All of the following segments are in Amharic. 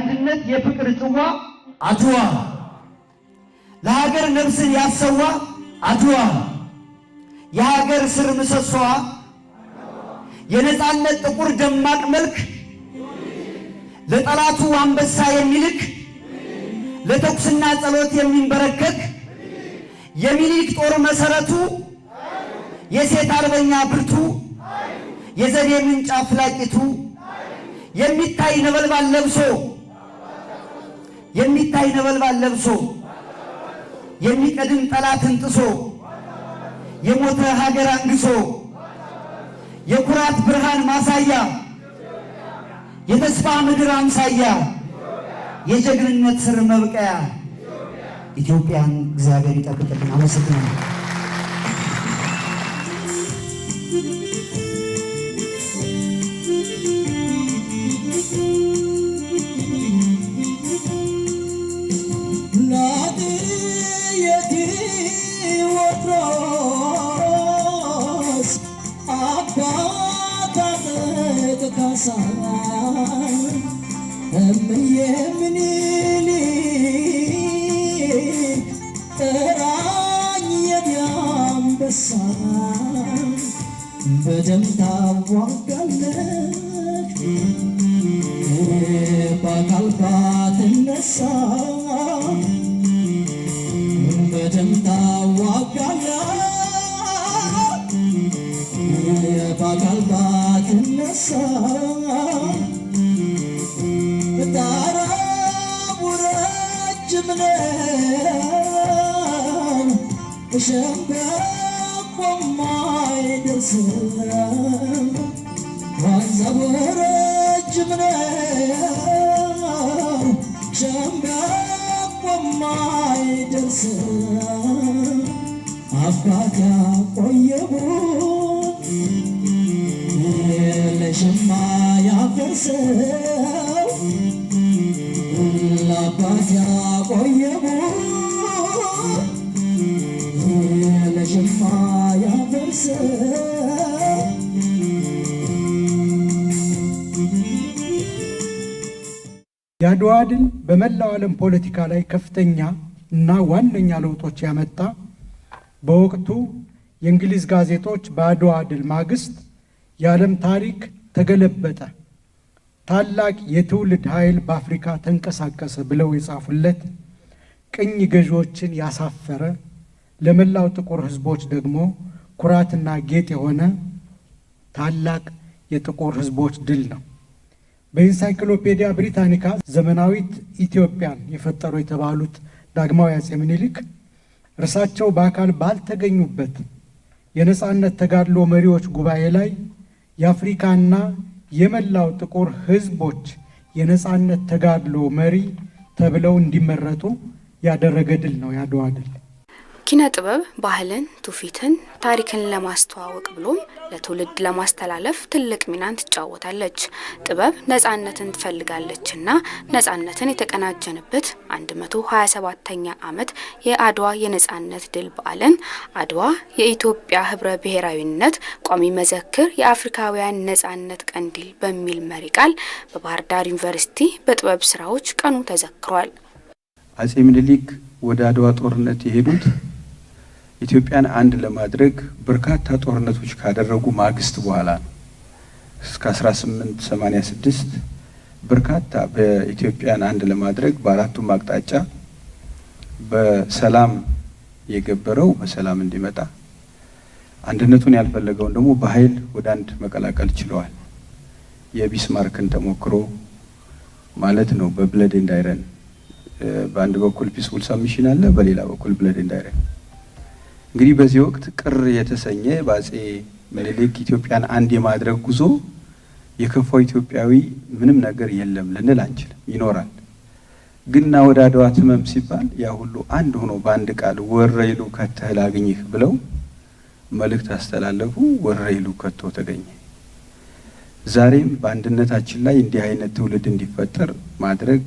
የአንድነት የፍቅር ጽዋ አድዋ፣ ለሀገር ነፍስን ያሰዋ አድዋ፣ የሀገር ስር ምሰሷ፣ የነፃነት ጥቁር ደማቅ መልክ፣ ለጠላቱ አንበሳ የሚልክ ለተኩስና ጸሎት የሚንበረከክ የሚኒሊክ ጦር መሰረቱ የሴት አርበኛ ብርቱ የዘዴ ምንጭ አፍላቂቱ የሚታይ ነበልባል ለብሶ የሚታይ ነበልባል ለብሶ የሚቀድም ጠላትን ጥሶ የሞተ ሀገር አንግሶ የኩራት ብርሃን ማሳያ የተስፋ ምድር አምሳያ የጀግንነት ስር መብቀያ ኢትዮጵያን እግዚአብሔር ይጠብቅልን። አመሰግናለሁ። ሳይ እምዬ ምኒልክ ጥራኝ የዳንበሳ ሸምበቆ አይደርስም ዋንዛው ረጅም ነው ሸምበቆ አባት ያቆየው ለሸማ ያፈርስ በመላው ዓለም ፖለቲካ ላይ ከፍተኛ እና ዋነኛ ለውጦች ያመጣ በወቅቱ የእንግሊዝ ጋዜጦች በአድዋ ድል ማግስት የዓለም ታሪክ ተገለበጠ፣ ታላቅ የትውልድ ኃይል በአፍሪካ ተንቀሳቀሰ ብለው የጻፉለት ቅኝ ገዢዎችን ያሳፈረ ለመላው ጥቁር ሕዝቦች ደግሞ ኩራትና ጌጥ የሆነ ታላቅ የጥቁር ሕዝቦች ድል ነው። በኢንሳይክሎፔዲያ ብሪታኒካ ዘመናዊት ኢትዮጵያን የፈጠሩ የተባሉት ዳግማዊ አፄ ምኒልክ እርሳቸው በአካል ባልተገኙበት የነፃነት ተጋድሎ መሪዎች ጉባኤ ላይ የአፍሪካና የመላው ጥቁር ሕዝቦች የነፃነት ተጋድሎ መሪ ተብለው እንዲመረጡ ያደረገ ድል ነው የአድዋ ድል። ኪነ ጥበብ ባህልን፣ ትውፊትን፣ ታሪክን ለማስተዋወቅ ብሎም ለትውልድ ለማስተላለፍ ትልቅ ሚናን ትጫወታለች። ጥበብ ነጻነትን ና ነጻነትን የተቀናጀንበት 127ኛ ዓመት የአድዋ የነጻነት ድል በዓልን አድዋ የኢትዮጵያ ህብረ ብሔራዊነት ቋሚ መዘክር የአፍሪካውያን ነጻነት ቀንዲል በሚል መሪ ቃል በባህር ዳር ዩኒቨርሲቲ በጥበብ ስራዎች ቀኑ ተዘክሯል። አጼ ምኒልክ ወደ አድዋ ጦርነት የሄዱት ኢትዮጵያን አንድ ለማድረግ በርካታ ጦርነቶች ካደረጉ ማግስት በኋላ ነው። እስከ 1886 በርካታ በኢትዮጵያን አንድ ለማድረግ በአራቱም አቅጣጫ በሰላም የገበረው በሰላም እንዲመጣ አንድነቱን ያልፈለገውን ደግሞ በኃይል ወደ አንድ መቀላቀል ችለዋል። የቢስማርክን ተሞክሮ ማለት ነው። በብለድ ኤንድ በአንድ በኩል ፒስፉል ሳብሚሽን አለ፣ በሌላ በኩል ብለድ እንግዲህ በዚህ ወቅት ቅር የተሰኘ በአጼ ምኒልክ ኢትዮጵያን አንድ የማድረግ ጉዞ የከፋው ኢትዮጵያዊ ምንም ነገር የለም ልንል አንችልም፣ ይኖራል። ግን ና ወደ አድዋ ትመም ሲባል ያ ሁሉ አንድ ሆኖ በአንድ ቃል ወረይሉ ከተህ ላግኝህ ብለው መልእክት አስተላለፉ። ወረይሉ ከቶ ተገኘ። ዛሬም በአንድነታችን ላይ እንዲህ አይነት ትውልድ እንዲፈጠር ማድረግ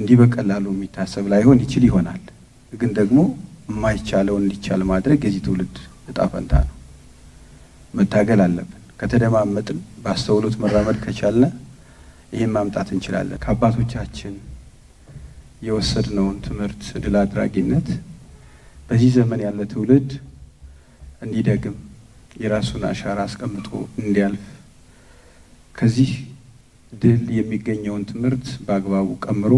እንዲህ በቀላሉ የሚታሰብ ላይሆን ይችል ይሆናል ግን ደግሞ የማይቻለው እንዲቻል ማድረግ የዚህ ትውልድ እጣ ፈንታ ነው። መታገል አለብን። ከተደማመጥን፣ በአስተውሎት መራመድ ከቻልነ ይህን ማምጣት እንችላለን። ከአባቶቻችን የወሰድነውን ትምህርት ድል አድራጊነት በዚህ ዘመን ያለ ትውልድ እንዲደግም የራሱን አሻራ አስቀምጦ እንዲያልፍ ከዚህ ድል የሚገኘውን ትምህርት በአግባቡ ቀምሮ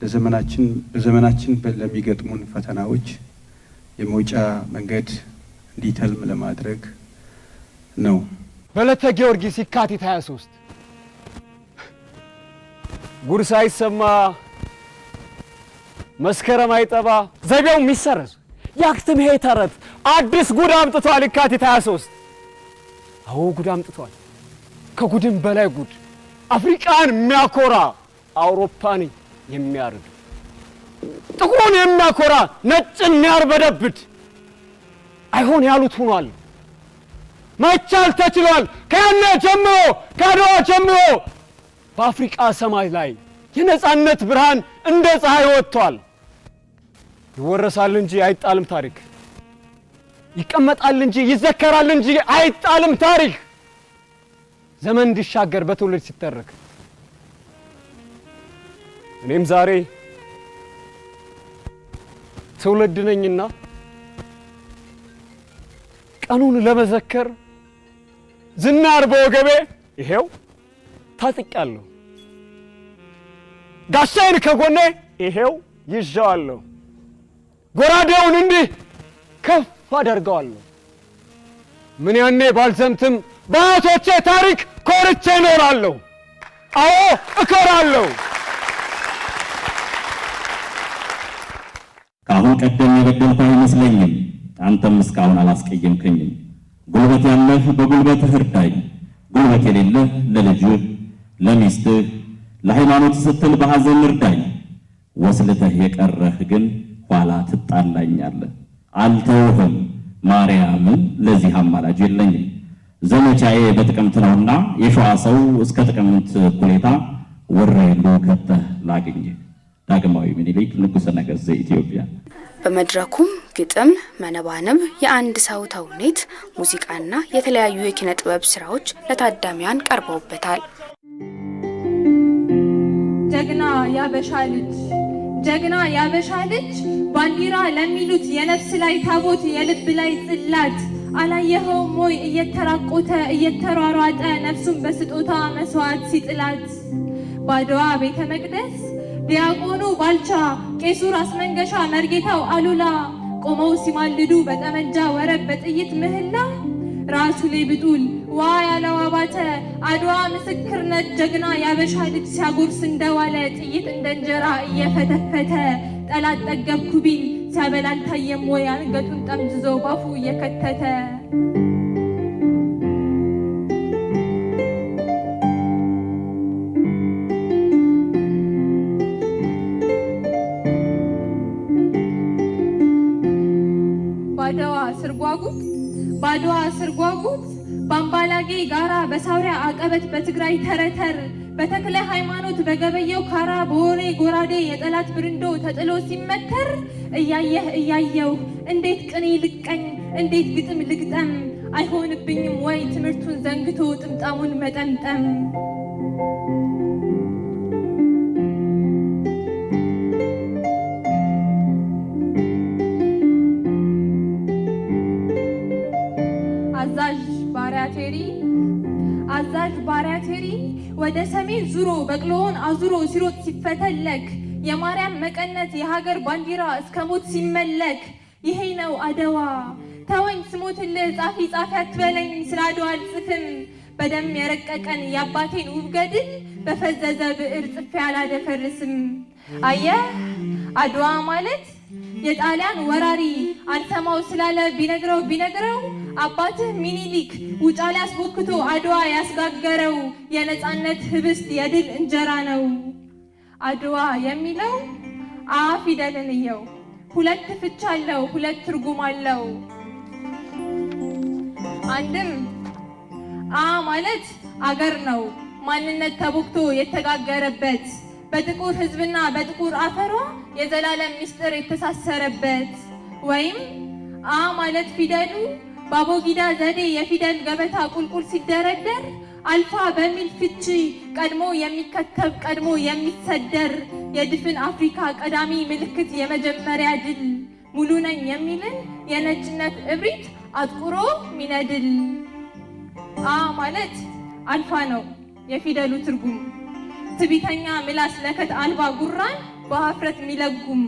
ለዘመናችን በዘመናችን ለሚገጥሙን ፈተናዎች የመውጫ መንገድ እንዲተልም ለማድረግ ነው። በዕለተ ጊዮርጊስ የካቲት 23 ጉድ ሳይሰማ መስከረም አይጠባ ዘቢያው የሚሰረዝ ያክትም ሄ ተረት አዲስ ጉድ አምጥቷል። የካቲት 23 አዎ ጉድ አምጥቷል። ከጉድም በላይ ጉድ አፍሪቃን የሚያኮራ አውሮፓን የሚያርድ ጥቁሩን የሚያኮራ ነጭን የሚያርበደብድ አይሆን ያሉት ሆኗል። መቻል ተችሏል። ከያነ ጀምሮ ከአድዋ ጀምሮ በአፍሪቃ ሰማይ ላይ የነፃነት ብርሃን እንደ ፀሐይ ወጥቷል። ይወረሳል እንጂ አይጣልም ታሪክ። ይቀመጣል እንጂ ይዘከራል እንጂ አይጣልም ታሪክ። ዘመን እንዲሻገር በትውልድ ሲተረክ እኔም ዛሬ ትውልድ ነኝና ቀኑን ለመዘከር ዝናር በወገቤ ይሄው ታጥቂያለሁ፣ ጋሻዬን ከጎኔ ይሄው ይዣዋለሁ፣ ጎራዴውን እንዲህ ከፍ አደርገዋለሁ። ምን ያኔ ባልዘምትም በአያቶቼ ታሪክ ኮርቼ እኖራለሁ። አዎ እኮራለሁ። ቀደም የበደልኩ አይመስለኝም፣ አንተም እስካሁን አላስቀየምከኝም። ጉልበት ያለህ በጉልበትህ እርዳኝ፣ ጉልበት የሌለህ ለልጅህ፣ ለሚስትህ፣ ለሃይማኖት ስትል በሐዘን እርዳኝ። ወስልተህ የቀረህ ግን ኋላ ትጣላኛለህ። አልተውህም ማርያምን፣ ለዚህ አማላጅ የለኝም። ዘመቻዬ በጥቅምት ነውና የሸዋ ሰው እስከ ጥቅምት እኩሌታ ወሬ ከተህ ላግኝህ ዳግማዊ ምኒልክ ንጉሠ ነገሥት ዘኢትዮጵያ። በመድረኩም ግጥም፣ መነባነብ፣ የአንድ ሰው ተውኔት፣ ሙዚቃና የተለያዩ የኪነ ጥበብ ስራዎች ለታዳሚያን ቀርበውበታል። ጀግና ያበሻ ልጅ ጀግና ያበሻ ልጅ ባንዲራ ለሚሉት የነፍስ ላይ ታቦት የልብ ላይ ጽላት አላየኸውም ወይ እየተራቆተ እየተሯሯጠ ነፍሱን በስጦታ መስዋዕት ሲጥላት ባድዋ ቤተ መቅደስ ዲያቆኑ ባልቻ፣ ቄሱ ራስ መንገሻ፣ መርጌታው አሉላ ቆመው ሲማልዱ በጠመንጃ ወረብ በጥይት ምህላ ራሱ ላይ ብጡል ዋ ያለው አባተ አድዋ ምስክርነት ጀግና ያበሻ ልጅ ሲያጎርስ እንደዋለ ጥይት እንደ እንጀራ እየፈተፈተ ጠላት ጠገብኩ ቢል ሲያበላል ወይ አንገቱን ጠምዝዞ ባፉ እየከተተ በሳውሪያ አቀበት፣ በትግራይ ተረተር፣ በተክለ ሃይማኖት፣ በገበየው ካራ፣ በወሬ ጎራዴ የጠላት ብርንዶ ተጥሎ ሲመተር እያየህ እያየው እንዴት ቅኔ ልቀኝ እንዴት ግጥም ልግጠም አይሆንብኝም ወይ ትምህርቱን ዘንግቶ ጥምጣሙን መጠምጠም አዛዥ ባሪያ ቴሪ አዛዥ ባሪያ ቴሪ ወደ ሰሜን ዙሮ በቅሎውን አዙሮ ሲሮጥ ሲፈተለክ የማርያም መቀነት የሀገር ባንዲራ እስከ ሞት ሲመለክ ይሄ ነው አድዋ። ተወኝ ስሞትልህ ጻፊ ጻፊ አትበለኝ ስለ አድዋ አልጽፍም። በደም የረቀቀን የአባቴን ውብ ገድል በፈዘዘ ብዕር ጽፌ አላደፈርስም። አየህ አድዋ ማለት የጣሊያን ወራሪ አልሰማው ስላለ ቢነግረው ቢነግረው አባትህ ሚኒሊክ ውጫሌ አስቦክቶ አድዋ ያስጋገረው የነፃነት ህብስት የድል እንጀራ ነው። አድዋ የሚለው አ ፊደልን እየው ሁለት ፍች አለው፣ ሁለት ትርጉም አለው። አንድም አ ማለት አገር ነው፣ ማንነት ተቦክቶ የተጋገረበት በጥቁር ህዝብና በጥቁር አፈሯ የዘላለም ምስጢር የተሳሰረበት ወይም አ ማለት ፊደሉ በአቦጊዳ ዘዴ የፊደል ገበታ ቁልቁል ሲደረደር አልፋ በሚል ፍቺ ቀድሞ የሚከተብ ቀድሞ የሚሰደር የድፍን አፍሪካ ቀዳሚ ምልክት የመጀመሪያ ድል ሙሉ ነኝ የሚልን የነጭነት እብሪት አጥቁሮ ሚነድል። አ ማለት አልፋ ነው የፊደሉ ትርጉም። ትቢተኛ ምላስ ለከት አልባ ጉራን በሀፍረት ሚለጉም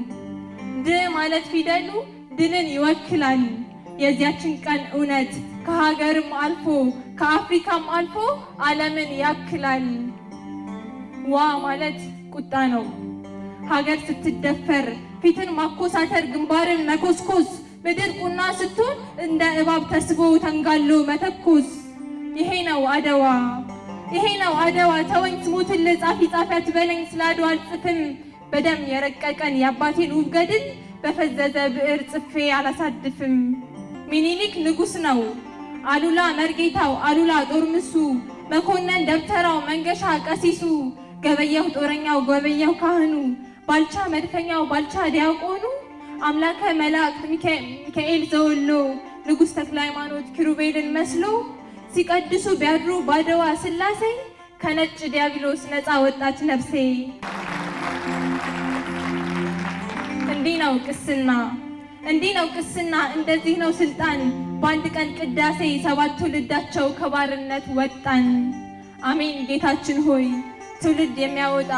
ድ ማለት ፊደሉ ድልን ይወክላል። የዚያችን ቀን እውነት ከሀገርም አልፎ ከአፍሪካም አልፎ ዓለምን ያክላል። ዋ ማለት ቁጣ ነው። ሀገር ስትደፈር ፊትን ማኮሳተር፣ ግንባርን መኮስኮስ፣ ምድር ቁና ስትሆን እንደ እባብ ተስቦ ተንጋሎ መተኮስ። ይሄ ነው አደዋ። ይሄ ነው አደዋ ተወኝ ስሙትን ለጻፊ ጻፊ አትበለኝ በለኝ አድዋ አልጽፍም። በደም የረቀቀን የአባቴን ውብ ገድል በፈዘዘ ብዕር ጽፌ አላሳድፍም። ሚኒሊክ ንጉስ ነው። አሉላ መርጌታው፣ አሉላ ጦርምሱ፣ መኮንን ደብተራው፣ መንገሻ ቀሲሱ፣ ገበያው ጦረኛው፣ ገበያው ካህኑ፣ ባልቻ መድፈኛው፣ ባልቻ ዲያቆኑ፣ አምላከ መላእክት ሚካኤል ዘወሎ፣ ንጉሥ ተክለ ሃይማኖት ኪሩቤልን መስሎ ሲቀድሱ ቢያድሩ ባደዋ ስላሴ ከነጭ ዲያብሎስ ነፃ ወጣች ነፍሴ። እንዲህ ነው ቅስና እንዲህ ነው ቅስና፣ እንደዚህ ነው ስልጣን። በአንድ ቀን ቅዳሴ ሰባት ትውልዳቸው ከባርነት ወጣን። አሜን። ጌታችን ሆይ ትውልድ የሚያወጣ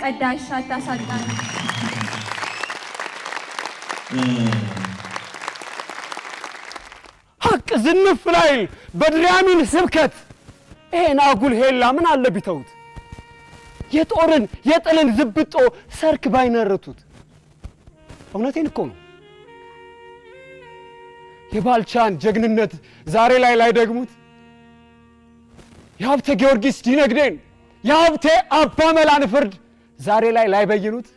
ቀዳሽ አታሳጣን። ሀቅ ዝንፍ ላይ በድሪያሚን ስብከት ይሄን አጉል ሄላ ምን አለ ቢተውት የጦርን የጥልን ዝብጦ ሰርክ ባይነርቱት። እውነቴን እኮ ነው። የባልቻን ጀግንነት ዛሬ ላይ ላይደግሙት የሀብተ ጊዮርጊስ ዲነግዴን የሀብቴ አባ መላን ፍርድ ዛሬ ላይ ላይ በይኑት።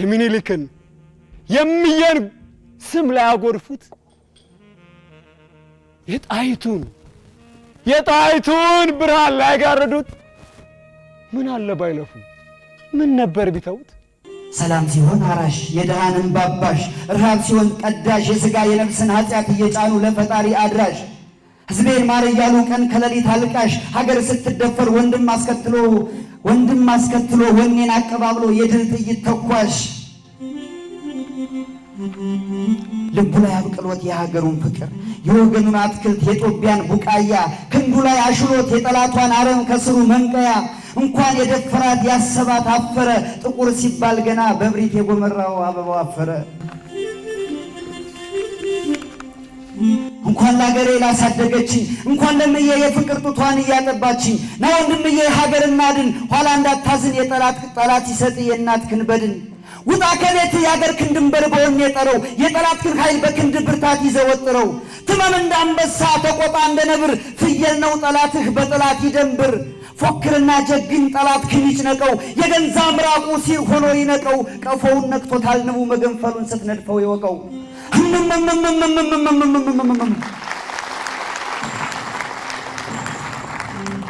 የሚኒሊክን የምየን ስም ላይ አጎርፉት። የጣይቱን የጣይቱን ብርሃን ላይ ያጋርዱት። ምን አለ ባይለፉ፣ ምን ነበር ቢተውት? ሰላም ሲሆን አራሽ የድሃንን ባባሽ ርሃብ ሲሆን ቀዳሽ የሥጋ የነፍስን ኃጢአት እየጫኑ ለፈጣሪ አድራሽ፣ ሕዝቤን ማር እያሉ ቀን ከሌሊት አልቃሽ፣ ሀገር ስትደፈር ወንድም አስከትሎ ወንድም አስከትሎ ወኔን አቀባብሎ የድል ጥይት ተኳሽ፣ ልቡ ላይ አብቅሎት የሀገሩን ፍቅር የወገኑን አትክልት የጦቢያን ቡቃያ፣ ክንዱ ላይ አሽሎት የጠላቷን አረም ከስሩ መንቀያ እንኳን የደፈራት ያሰባት አፈረ። ጥቁር ሲባል ገና በእብሪት የጎመራው አበባው አፈረ። እንኳን ለሀገሬ ላሳደገችኝ፣ እንኳን ለምዬ የፍቅር ጡቷን እያጠባችኝ፣ ና ወንድምዬ ሀገር እናድን፣ ኋላ እንዳታዝን የጠላት ጠላት ይሰጥ የእናትክን በድን ውጣ ከቤት የአገር ክንድንበር በልቦኝ የጠረው የጠላትህን ኃይል በክንድ ብርታት ይዘወጥረው ትመም እንደ አንበሳ ተቆጣ እንደ ነብር ፍየል ነው ጠላትህ በጠላት ይደንብር። ፎክርና ጀግን ክንጭ ነቀው። የገንዛ ምራቁ ሲር ሆኖ ይነቀው። ቀፎውን ነክቶታል ንቡ መገንፈሉን ስትነድፈው ይወቀው።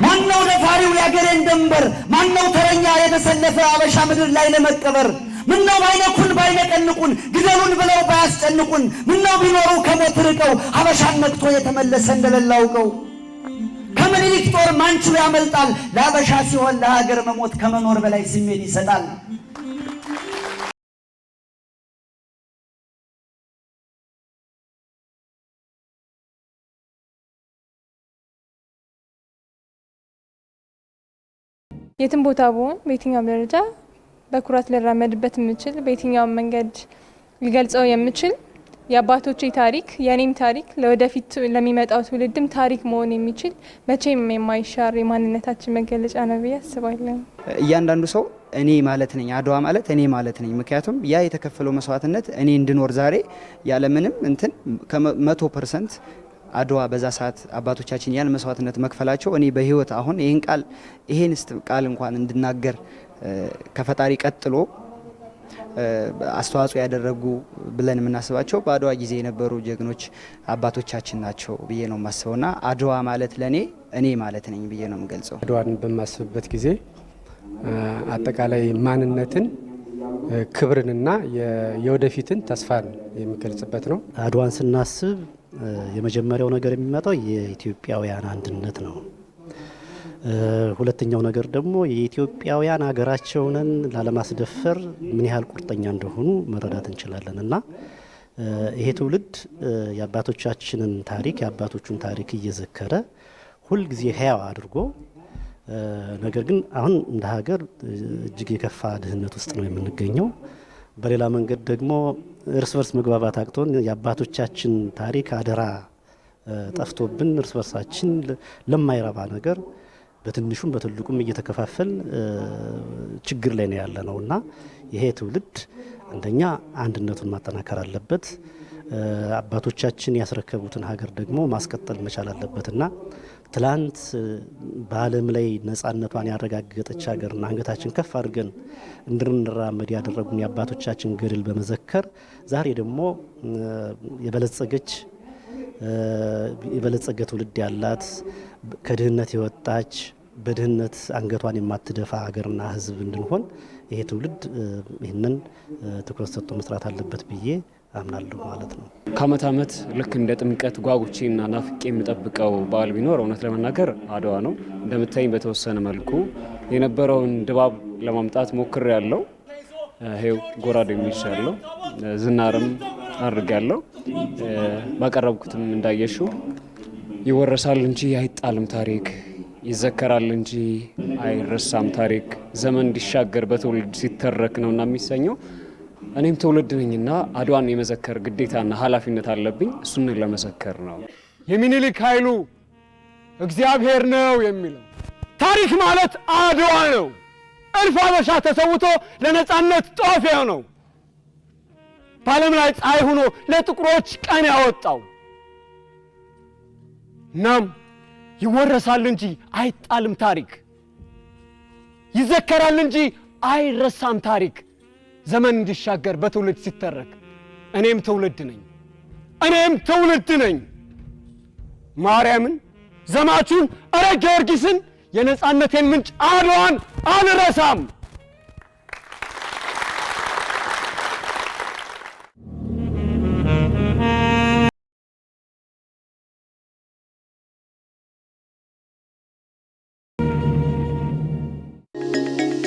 ማነው ደፋሪው ያገሬን ደንበር? ማነው ተረኛ የተሰለፈ አበሻ ምድር ላይ ለመቀበር ምነው ባይነኩን ባይነቀንቁን ግደሉን ብለው ባያስጨንቁን ምነው ቢኖሩ ከሞት ርቀው ሀበሻን ነቅቶ የተመለሰ እንደሌለ አውቀው ከምኒልክ ጦር ማንችሎ ያመልጣል ለሀበሻ ሲሆን ለሀገር መሞት ከመኖር በላይ ስሜት ይሰጣል። የትም ቦታ ብሆን በየትኛውም ደረጃ በኩራት ልራመድበት የምችል በየትኛውም መንገድ ሊገልጸው የምችል የአባቶቼ ታሪክ የእኔም ታሪክ ለወደፊት ለሚመጣው ትውልድም ታሪክ መሆን የሚችል መቼም የማይሻር የማንነታችን መገለጫ ነው ብዬ አስባለሁ። እያንዳንዱ ሰው እኔ ማለት ነኝ፣ አድዋ ማለት እኔ ማለት ነኝ። ምክንያቱም ያ የተከፈለው መስዋዕትነት እኔ እንድኖር ዛሬ ያለምንም እንትን ከመቶ ፐርሰንት አድዋ በዛ ሰዓት አባቶቻችን ያን መስዋዕትነት መክፈላቸው እኔ በህይወት አሁን ይህን ቃል ይህን ቃል እንኳን እንድናገር ከፈጣሪ ቀጥሎ አስተዋጽኦ ያደረጉ ብለን የምናስባቸው በአድዋ ጊዜ የነበሩ ጀግኖች አባቶቻችን ናቸው ብዬ ነው የማስበው እና አድዋ ማለት ለእኔ እኔ ማለት ነኝ ብዬ ነው የምገልጸው። አድዋን በማስብበት ጊዜ አጠቃላይ ማንነትን ክብርንና የወደፊትን ተስፋን የሚገልጽበት ነው። አድዋን ስናስብ የመጀመሪያው ነገር የሚመጣው የኢትዮጵያውያን አንድነት ነው። ሁለተኛው ነገር ደግሞ የኢትዮጵያውያን ሀገራቸውንን ላለማስደፈር ምን ያህል ቁርጠኛ እንደሆኑ መረዳት እንችላለን እና ይሄ ትውልድ የአባቶቻችንን ታሪክ የአባቶቹን ታሪክ እየዘከረ ሁልጊዜ ህያው አድርጎ ነገር ግን አሁን እንደ ሀገር እጅግ የከፋ ድህነት ውስጥ ነው የምንገኘው። በሌላ መንገድ ደግሞ እርስ በርስ መግባባት አቅቶን የአባቶቻችን ታሪክ አደራ ጠፍቶብን እርስ በርሳችን ለማይረባ ነገር በትንሹም በትልቁም እየተከፋፈል ችግር ላይ ነው ያለ ነው እና ይሄ ትውልድ አንደኛ አንድነቱን ማጠናከር አለበት። አባቶቻችን ያስረከቡትን ሀገር ደግሞ ማስቀጠል መቻል አለበትና ትላንት በዓለም ላይ ነፃነቷን ያረጋገጠች ሀገርና አንገታችን ከፍ አድርገን እንድንራመድ ያደረጉን የአባቶቻችን ገድል በመዘከር ዛሬ ደግሞ የበለጸገች የበለጸገ ትውልድ ያላት ከድህነት የወጣች በድህነት አንገቷን የማትደፋ ሀገርና ሕዝብ እንድንሆን ይሄ ትውልድ ይህንን ትኩረት ሰጥቶ መስራት አለበት ብዬ አምናለሁ ማለት ነው። ከአመት አመት ልክ እንደ ጥምቀት ጓጉቼና ናፍቄ የምጠብቀው በዓል ቢኖር እውነት ለመናገር አድዋ ነው። እንደምታኝ በተወሰነ መልኩ የነበረውን ድባብ ለማምጣት ሞክር ያለው ጎራ ጎራዴ ያለው ዝናርም አድርጋለሁ። ባቀረብኩትም እንዳየሹ ይወረሳል እንጂ አይጣልም ታሪክ፣ ይዘከራል እንጂ አይረሳም ታሪክ፣ ዘመን እንዲሻገር በትውልድ ሲተረክ ነውና የሚሰኘው እኔም ትውልድ ነኝና አድዋን የመዘከር ግዴታና ኃላፊነት አለብኝ። እሱን ለመዘከር ነው። የሚኒሊክ ኃይሉ እግዚአብሔር ነው የሚለው ታሪክ ማለት አድዋ ነው። እልፍ አበሻ ተሰውቶ ለነፃነት ጦፊያ ነው። በዓለም ላይ ፀሐይ ሆኖ ለጥቁሮች ቀን ያወጣው። እናም ይወረሳል እንጂ አይጣልም ታሪክ፣ ይዘከራል እንጂ አይረሳም ታሪክ። ዘመን እንዲሻገር በትውልድ ሲተረክ እኔም ትውልድ ነኝ፣ እኔም ትውልድ ነኝ። ማርያምን ዘማቹን፣ እረ ጊዮርጊስን፣ የነፃነቴን ምንጭ አድዋን አልረሳም።